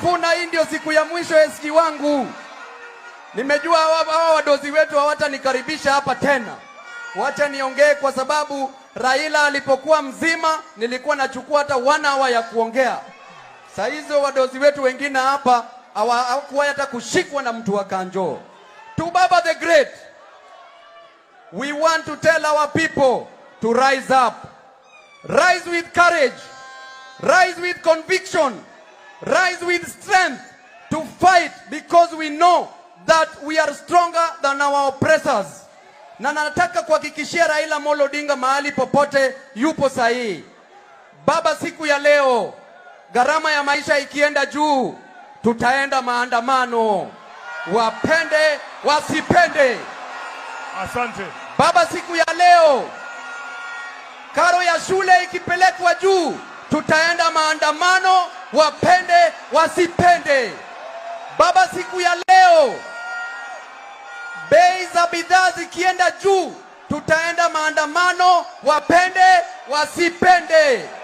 Kifuna, hii ndio siku ya mwisho ya SG wangu. Nimejua hawa wadozi wetu hawatanikaribisha hapa tena. Wacha niongee kwa sababu Raila alipokuwa mzima nilikuwa nachukua hata wana hour ya kuongea. Saa hizo wadozi wetu wengine hapa hawakuwa hata kushikwa na mtu wa Kanjo. To Baba the Great, we want to tell our people to rise up. Rise with courage. Rise with conviction rise with strength to fight because we know that we are stronger than our oppressors. Na nataka kuhakikishia Raila Molo Odinga mahali popote yupo sahihi. Baba, siku ya leo gharama ya maisha ikienda juu, tutaenda maandamano, wapende wasipende. Asante Baba, siku ya leo karo ya shule ikipelekwa juu, tutaenda maandamano, wapende wasipende. Baba, siku ya leo bei za bidhaa zikienda juu, tutaenda maandamano, wapende wasipende.